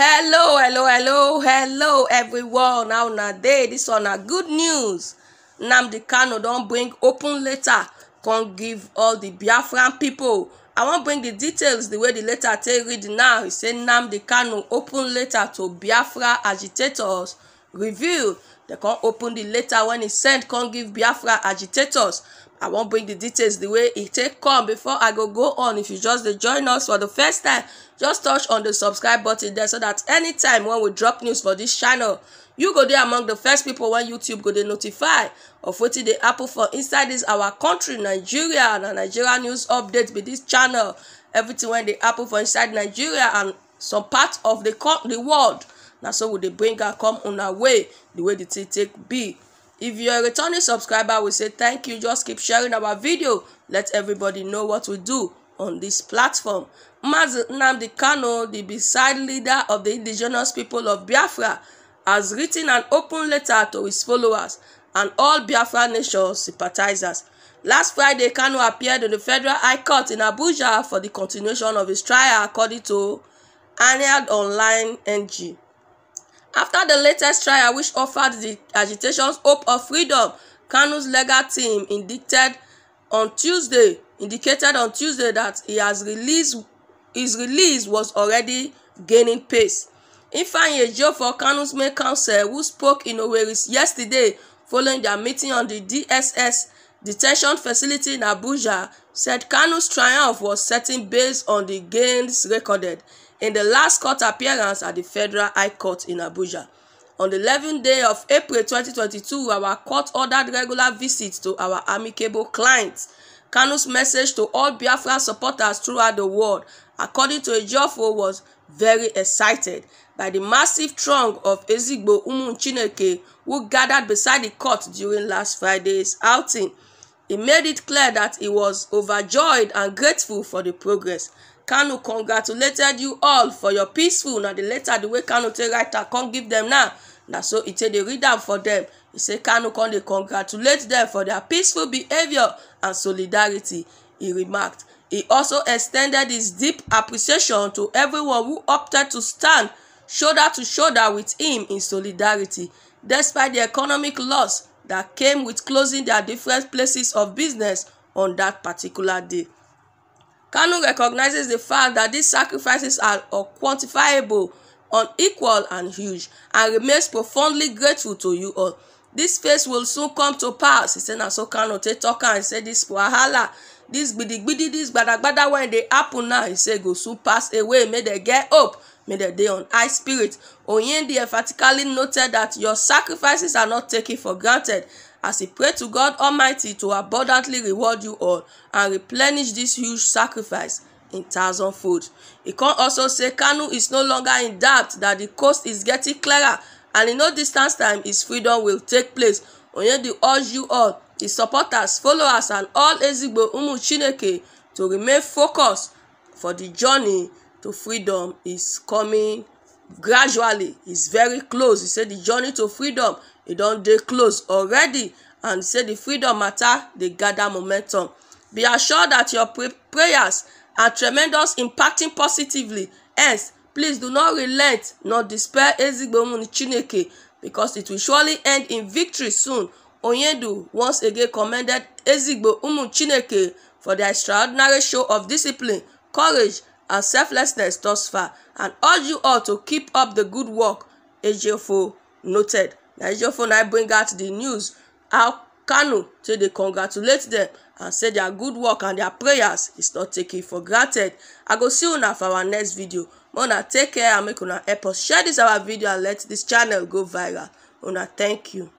hello hello hello hello everyone how una dey dis one na good news nnamdi kanu don bring open letter come give all the biafran people. i wan bring the details The way the letter take read now e say nnamdi kanu open letter to biafra agitators review dem come open the letter wen e send come give biafra agitators i won't bring the details the way it take come before i go go on if you just dey join us for the first time just touch on the subscribe button there so that anytime when we drop news for this channel you go there among the first people when youtube go there notify of wetin the apple for inside this our country nigeria and nigeria news updates be this channel everything when the apple for inside nigeria and some part of the, the world Now so would they bring am come on our way the way the thing take be If you're a returning subscriber, we say thank you. Just keep sharing our video. Let everybody know what we do on this platform. Mazi Nnamdi Kano, the beside leader of the indigenous people of Biafra, has written an open letter to his followers and all Biafra Nation sympathizers. Last Friday, Kano appeared in the Federal High Court in Abuja for the continuation of his trial according to Aniad Online NG. After the latest trial which offered the agitation's hope of freedom, Kanu's legal team indicated on Tuesday indicated on Tuesday that he has released his release was already gaining pace. Ifeanyi for Kanu's main counsel, who spoke in Owerri yesterday following their meeting on the DSS detention facility in Abuja, said Kanu's triumph was certain based on the gains recorded in the last court appearance at the Federal High Court in Abuja. On the 11th day of April 2022, our court ordered regular visits to our amicable clients. Kanu's message to all Biafra supporters throughout the world, according to Ejiofor, was very excited by the massive throng of Ezigbo Umu Chineke who gathered beside the court during last Friday's outing. He made it clear that he was overjoyed and grateful for the progress. Kanu congratulated you all for your peaceful Now the letter the way Kanu take write am come give them now Now so he take the read for them He say Kanu come dey congratulate them for their peaceful behaviour and solidarity he remarked he also extended his deep appreciation to everyone who opted to stand shoulder to shoulder with him in solidarity despite the economic loss that came with closing their different places of business on that particular day. Kanu recognizes the fact that these sacrifices are unquantifiable, unequal, and huge, and remains profoundly grateful to you all. This phase will soon come to pass. He said, na so Kanu take talk and say this wahala, this gbidi gbidi, this gbadagbada when they happen now, he said, go soon pass away, may they get up. May the day on high spirit. Oyende emphatically noted that your sacrifices are not taken for granted as he prayed to God Almighty to abundantly reward you all and replenish this huge sacrifice in thousand thousandfold. He can also say Kanu is no longer in doubt that the coast is getting clearer and in no distance time his freedom will take place. Oyende urged you all, his supporters, followers and all Ezigbo Umu Chineke to remain focused for the journey to freedom is coming gradually it's very close he say the journey to freedom e don dey close already and say the freedom matter dey gather momentum be assured that your pray prayers are tremendous impacting positively hence please do not relent nor despair ezigbomu chineke because it will surely end in victory soon onyedu once again commended ezigbo umu chineke for their extraordinary show of discipline courage and selflessness thus far and urge you all to keep up the good work Ejiofor noted. Na Ejiofor now bring out the news how Kanu say they congratulate them and say their good work and their prayers is not taken for granted. I go see una for our next video. Una take care and make una help us share this our video and let this channel go viral. Una thank you.